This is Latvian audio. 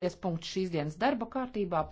Pēdējais punkts šīs dienas darba kārtībā